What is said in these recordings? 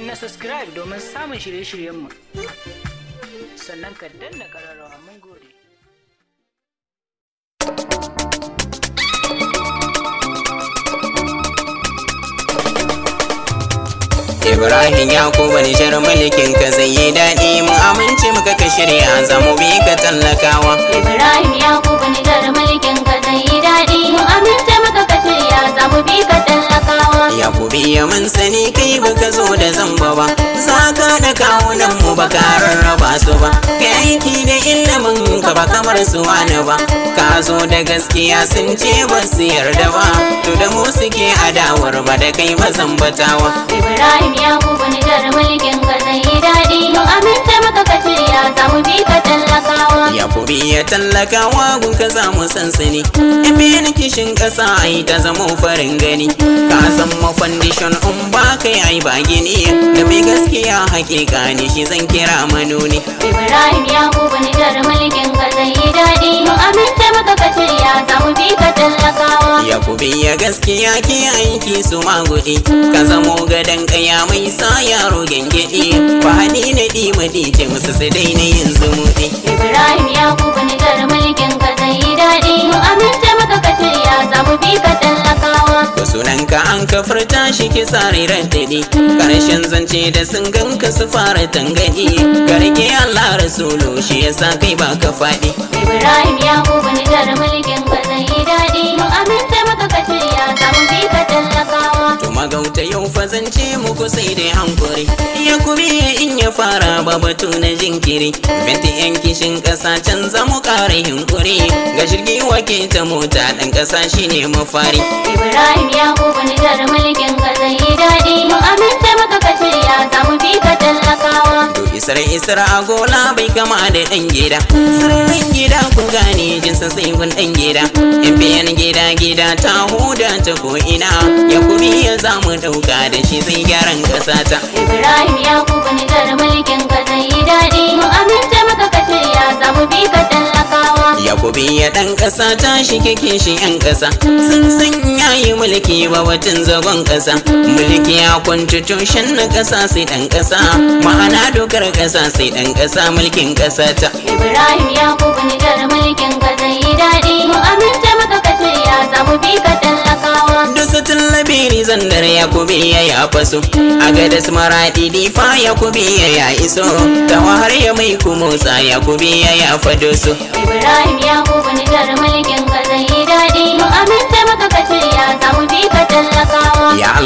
na subscribe domin samun shirye-shiryenmu sannan ka danna kararrawa mun gode Ibrahim ya Yakubu shirin mulkin ka zai yi daɗi mu amince muka ka shirya za mu bi ka tallakawa. Ibrahim ya Yakubu shirin mulkin ka zai yi daɗi mu amince muka ka shirya za mu bi ka ku biya mun sani kai baka zo da zamba ba za ka da kawunan mu ba rarraba su ba ka aiki da ilimin ka ba kamar su wani ba ka zo da gaskiya sun ce ba su yarda ba to da mu suke adawar ba da kai ba zambatawa ya tallaka wagun ka samu sansani in biyan kishin kasa ai ta zama farin gani ka san mafandishon in ba ka yi ba gini da mai gaskiya hakika ne shi zan kira manoni ibrahim ya kubu ni mulkin ka zai yi daɗi mu amince maka Ya za bi ka ya ku biya gaskiya ki aiki su ma gudi ka zamo gadan kaya mai sa yaro gengedi ba ni na di madi ce musu su daina yin zumudi ibrahim ya ku bani gar mulkin ka zai daɗi mu aminta maka ka shirya zamu bi ka lakawa. sunan ka ka furta shi ki tsariran daɗi ƙarshen zance da sun ganka su fara tangaɗi garge Allah rasulu shi ya sa kai ba ka faɗi Ibrahim ya kuba ni tara mulkin ba daɗi mu aminta maka ka ya ka bi ka tallakawa to magauta yau fa zance ku sai dai hankuri iya kuma in ya fara ba batu na jinkiri binti yan kishin ƙasa can za mu ƙara hinkuri ga shirgi wake ta mota ɗan ƙasa shine mafari ibrahim ya wani jar mulkin sarai isra a gola bai kama da ɗan gida sirrin gida kun gane san sai kun ɗan gida in biyan gida gida ta huda ta ko'ina ya kuri ya zamu ɗauka da shi sai gyaran ƙasa ta ibrahim ya ku bani gara mulkin ka zai yi daɗi mu aminta maka ka ya zamu bi ka tallakawa ya ku biya ɗan ƙasa ta shi kake shi 'yan ƙasa sun sanya ya yi mulki ba watan zagon ƙasa mulki ya kwanci tushen na ƙasa sai ɗan ƙasa ma'ana dokar ƙasa sai ɗan ƙasa mulkin ƙasa ta ibrahim ya kuma nijar mulkin ka zai yi daɗi mu aminta maka ka shirya samu bi ka tallakawa da satin labiri zandar ya kubi ya ya faso a gadas maraɗi difa ya kubi ya ya iso tawahar ya mai kumotsa ya kubi ya ya fado so ibrahim ya kuma nijar mulkin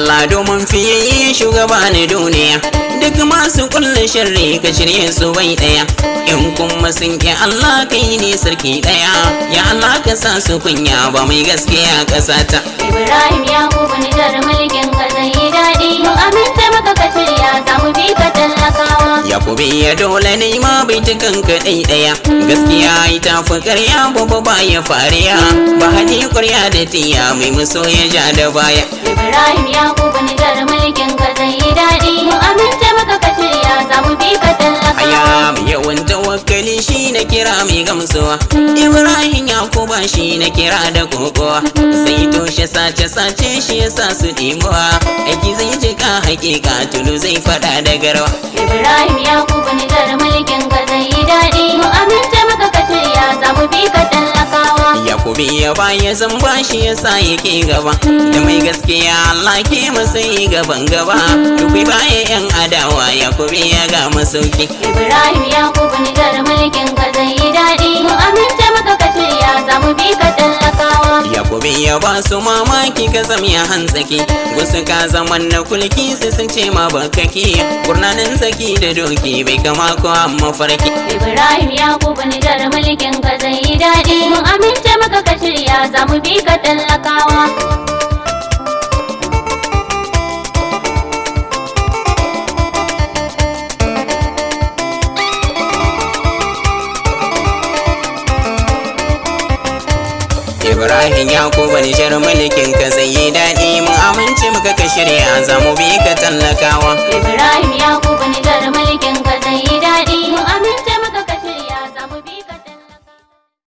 Allah domin fiye shugaba na duniya duk masu kulle shirri ka shirye su bai daya in kuma sun ke Allah kai ne sarki daya ya Allah ka sa su kunya ba mai gaskiya kasata Ibrahim takobi ya dole ne ma bai ta kanka ɗaya gaskiya ita fi karya ba ya fariya ba haji kurya da tiya mai musoya ja da baya ibrahim ya kuma ni mulkin ka zai kira mai gamsuwa ibrahim yakuba shi na kira da kokowa sai toshe sace sace shi yasa su dimuwa aiki zai jika hakika tulu zai fada da garwa ibrahim yakuba ne ya baya zan bashi ya sa yake gaba da mai gaskiya Allah ke masa yi gaban gaba dubi baya yan adawa ya kubi ya ga masauki Ibrahim ya kubin gar mulkin ka zai yi daɗi bai ya ba su mamaki ka zama ya hantsaki wasu ka zaman na kulki sai sun ce ma bakaki gurnanin saki da doki bai kama ko amma mafarki ibrahim ya ni dar mulkin ka zai yi daɗi mun amince maka ka shirya za mu bi ka tallakawa ibrahim yakubu nishar mulkin ka zai yi daɗi mun amince muka ka shirya za mu bi ka tallakawa ibrahim yakubu nishar mulkin ka zai yi daɗi mun amince